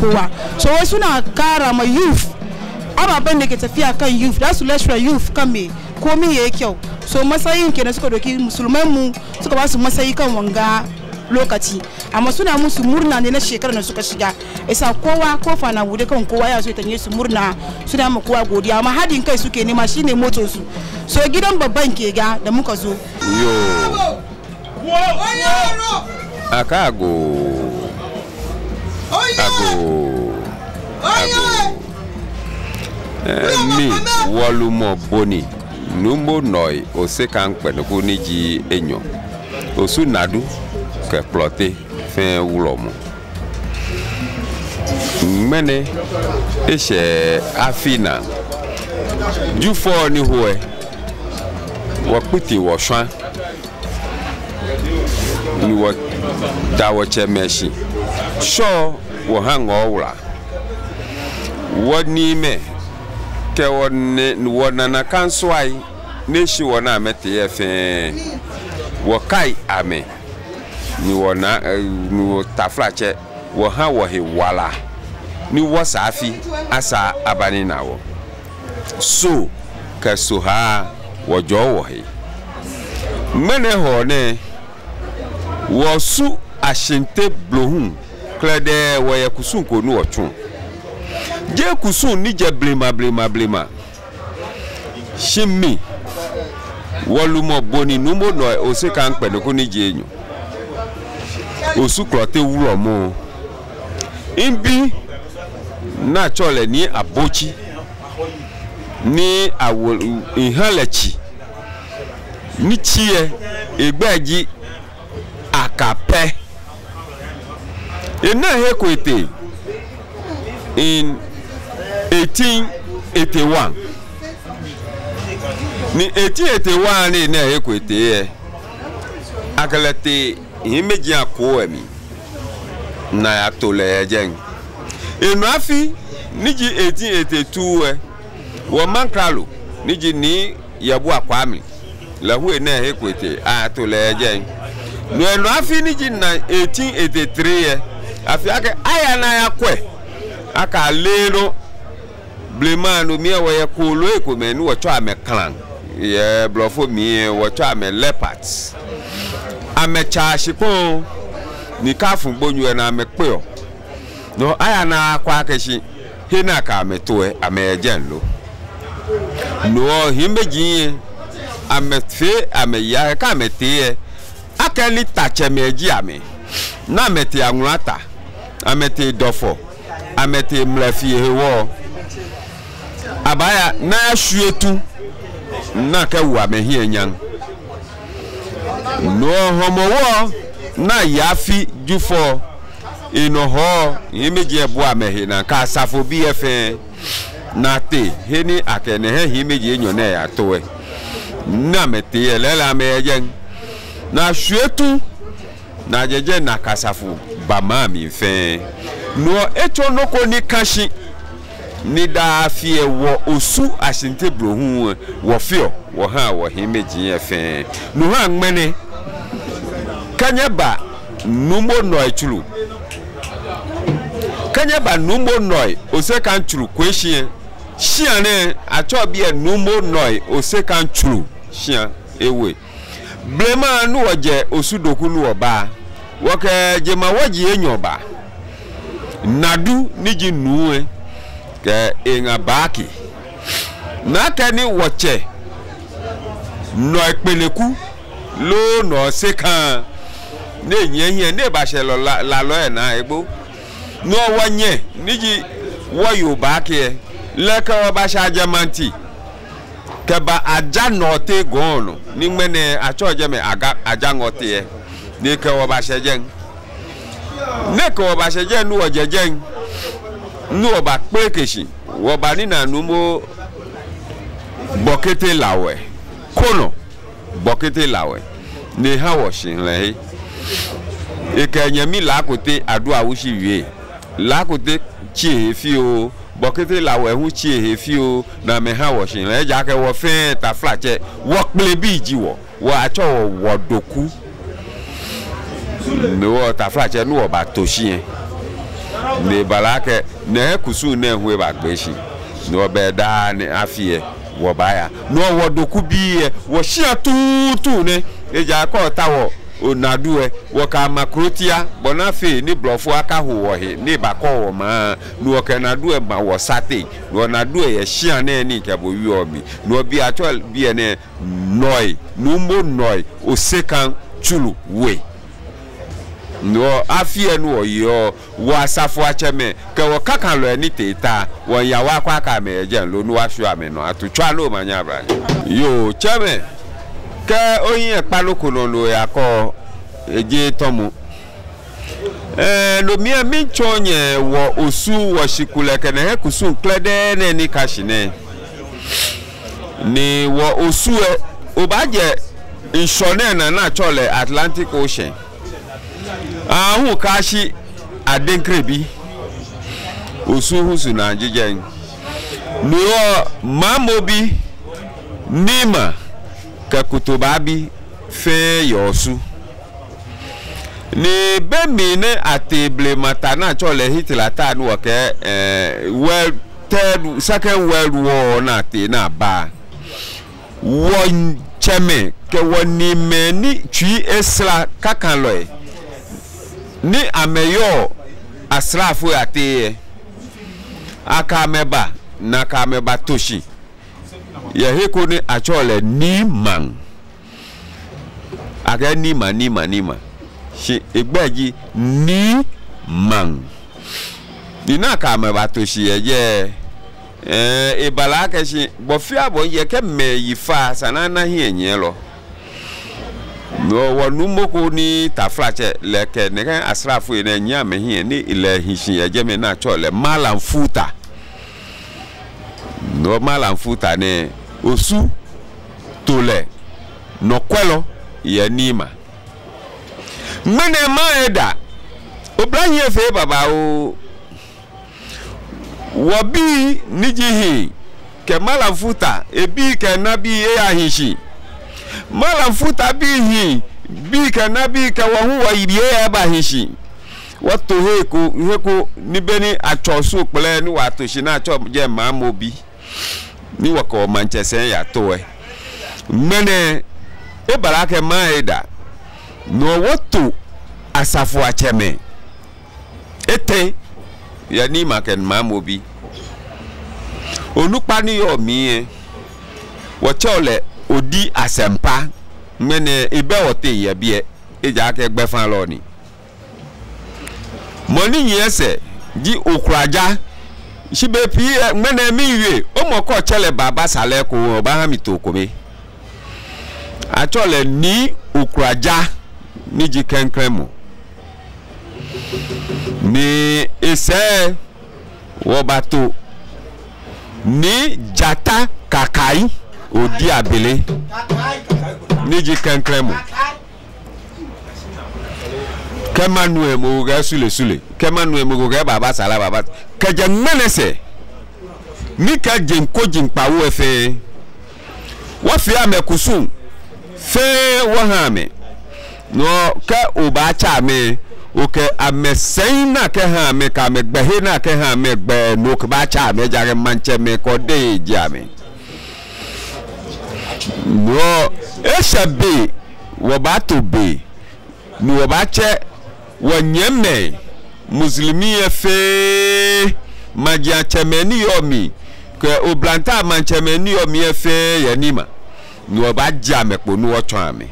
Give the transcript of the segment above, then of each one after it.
kowa so wai suna kara ma youth ababen da ke tafiya kan youth da su lecture youth kan me komi ya yi kyau so matsayin kenan suka doki musulman mu suka ba su matsayi kan wanga lokaci amma suna musu murna ne na shekarar da suka shiga isa kowa kofa na bude kan kowa ya so tanye su murna suna ma kowa godiya amma hadin kai suke nema shine moto su so gidan babban ke ga da muka zo yo kago ago ago mi wɔlumɔ boni numo nɔi ose kan kpɛnuku enyo enyɔ osu nadu kɛkplɔte fɛn wulɔmu ŋmɛnɛ esɛ afina jufɔ ni hoɛ wɔkpiti wɔsua ni wɔ dawɔtsɛ mɛsi. Wo sho wọ oula wodnime ke wonana kansuai neshi wona ame teye fee wokai ame ni wona e, ni wotaflache woha wohi wala ni wọ afi asa abani nawo so ka so ha wojo wohi mene ho ne wosu ashinte blohun korɛ wɔyɛ kusun ko nu wɔtwo gye kusun ni gye blema blema blema shimi wɔlumɔ boni numo nɔ ose kan kpɛnuku ni gye enyo osu korɔ te wulɔ mo nbi natsɔ le ni abotsi ni awo ihan le tsi ni tsi egbe akapɛ. Enahekwete in 1881 ni 1881 ni Enahekwete ye agalete ihe meji akụ emi na ya tole ya jeng enu afi niji 1882 we wọ mankralo niji ni yabu akwami lahu Enahekwete a tole ya jeng nu enu afi niji na 1883 ye afi ake aya na ya kwe aka lero blemanu mi wo ye ko lo eko me nu wo cho ame clan ye blofo mi wo cho ame leopards ame cha shipon ni kafu gbonyu e na ame pe o no aya na kwa keshi he na ka ame to e ame ejen lo no himeji ame fe ame ya ka ame te e aka ni tache meji ame na meti anwata ame tee dɔfɔ ame tee mlɛ fie wɔ abaya na sue tu na ke wu ame hie nyan nuhɔmɔwɔ na yafi jufɔ inɔhɔ yi mi dze bu ame hina ka asafo bi yɛ fɛn na te heni akɛnɛ hɛ yi mi dze nyɔ ne yɛ na ame te yɛ lɛ le ame yɛ dze na sue tu na dzedze na kasafo ba maa mi fɛn noɔ etso noko ni kasi ni daa fie wɔ osu asinteburo hu wɔ fio wɔ hã wɔ hin meji yɛ fɛn nu ŋmɛnɛ kanyɛ ba numo nɔɛ tsulu kanyɛ ba numo nɔɛ ose kan tsulu koe siɛ siɛ nɛ atsɔ biɛ numo nɔɛ ose kan tsulu siɛ ewe blema nu wɔ osu doku nu wɔ baa. woke jema waji enyoba nadu niji nuwe ke inga baki nakeni woche nọ ìpeleku ló nọ ṣe kan ní èyí ẹ̀yìn ẹ̀ ní ìbáṣẹ lálọ́ ẹ̀ náà egbó ní ọwọ́ yẹn níjì wọ́ yorùbá kí ẹ lẹ́kẹ́ ọba ṣàjẹmọ́ntì kẹba ajá nọ̀ọ́tẹ́ gan neke wɔ ba hyɛ gyɛn neke wɔ ba hyɛ gyɛn nu wɔ gyɛ gyɛn nu wɔ ba kple keshi wɔ ba nina numo bɔkete lawɛ kono bɔkete lawɛ ne hã wɔ si lɛ he eke nye mi laakote aɖo awusi wie laakote tsi efi o bɔkete la wɔ ɛhu tsi ehefi o na mɛ hã wɔ si lɛ edza ke wɔ fɛn ta flatsɛ wɔ kple bi dzi wɔ wɔ atsɔ wɔ wɔ doku. ne wɔ tafla kyɛ ne wɔ ba to siɛ ne bala kɛ ne hɛ kusu ne hue ba gbe si ne wɔ bɛ daa ne afi yɛ wɔ ba ya ne wɔ wɔ doku bi yɛ wɔ siɛ tuutu ne edza kɔ ta wɔ onadu yɛ wɔ ka makrotia bɔna fe ne blɔfo aka ho wɔ he ne ba kɔ wɔ maa ne wɔ kɛ nadu yɛ ma wɔ sate ne wɔ nadu yɛ siɛ ne ne kɛ bo wi wɔ mi ne wɔ bi atsɔ bi yɛ ne nɔɛ numbo nɔɛ osekan tsulu we. no afie no wɔyɔ wɔ asafo akyɛ me kɛ wɔkaka lɔ ani teeta wɔn ya wakɔ aka me ɛgyɛn lo no wahwɛ ame no ato twa no ma nya abrane yo kyɛ me kɛ oyin ɛkpa e lo yakɔ egye ɛɛ mi tsɔ nyɛ wɔ osu wɔ siku lɛ hɛ kusu osu e, o ba jɛ nsɔ nana ahụ kashi adenkrebi osuhusu na ajijen nuo mamobi nima kakutobabi fe yosu ni bemi ne ateble mata na chole hitila ta nu third second world war na te na ba won cheme ke ni me ni chi esla kakan loe ne ameyɔ asraafo ate yɛ aka mɛba eh, na aka mɛba toshi yɛheko ne atsɔ le niman ake nima nima nima si egbe dzi niman nina aka mɛba toshi yɛ yɛ ɛɛ ibala kɛsi bɔfia bɔ yɛ fa sanana hi yɛ nyɛ lɔ wɔnumoko ni tafra kyɛ lɛ kɛ ne ka asrafo yi na nyia mi hin ne lɛ hinsin ɛgyɛ mi na tsɔ lɛ malam futa nɔ malam ne osu to lɛ nɔkɔlɔ yɛ ni ma mene ma yɛ da obìnrin yɛ fɛ baba o wɔ bi nidzi hin kɛ malam futa ebi kɛ nabi eya hinsin. mfuta bihi bika na bika wahuwa irie ya bahishi wato heku heku nibeni acho su pele ni wato shi na acho je ma mobi ni wako manchester ya to e mene e baraka ma ida no wato asafu acheme ete ya ni maken ma mobi onupaniyo mi e wacho le odi asempa, mene ebe wɔte yɛ bie edza akɛ gbɛfa lɔ mɔni nyi ɛsɛ di okuradza sibe pii mene mi yue omɔkɔ tsɛ le baba salɛ ko ɔba hã mi to kome atsɔ le ni okuradza ni dzi kɛnkɛn mo ni esɛ wɔba ni dzata kakai odi abili nidzi keŋkre mo kemanue mo ge sule sule kemanue mo ge baba sala baba kedze ŋmenese mi ke dzeŋko dzeŋkpawo efe wofi ame kusu fee wohã ame nɔ ke o ba tsa ame o ke ame sɛyin na ke hã ame ka ame gbehe na ke hã ame gbe no ke ba tsa ame dza ke mantse me kɔ de dzi ame wɔ ɛhyɛ e be wɔbaato be ni wɔbaakyɛ wɔnyɛmɛ Muslimi yɛ fɛɛ magyakyɛmɛni yɔmi kɛ oblanta magyakyɛmɛni yɔmi yɛ fɛɛ yɛnima ni wɔbaagye amɛkpo ni wɔtɔn amɛ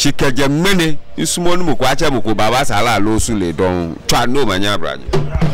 sikɛjɛ ŋmɛnɛ nsumɔ numu kɔ akyɛ boko baba sala alo su le dɔn twa n'o ma nya abirajɛ.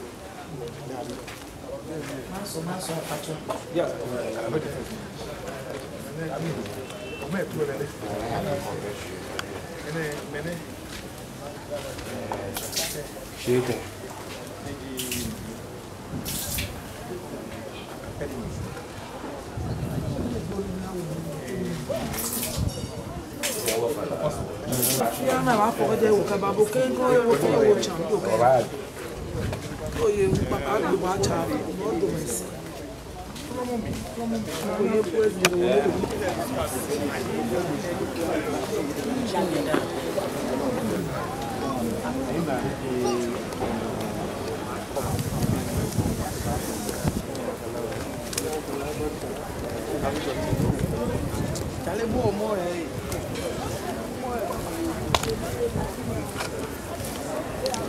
Şeyde. Yana wa ko de wo ka babo ke ngo yo wo ke wo chan yo ka. oyo babantu bathaba ngodosi Dale buon amore lì.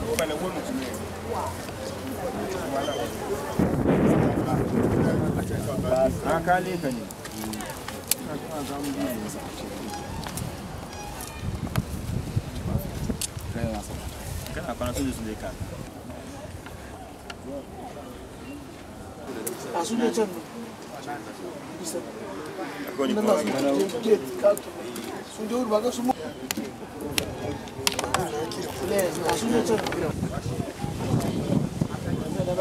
Come ne vuoi An kale ka ne. Kana kwana sun su ne ka. A su ne can Sun je wuri ba ga su mu. A su ne can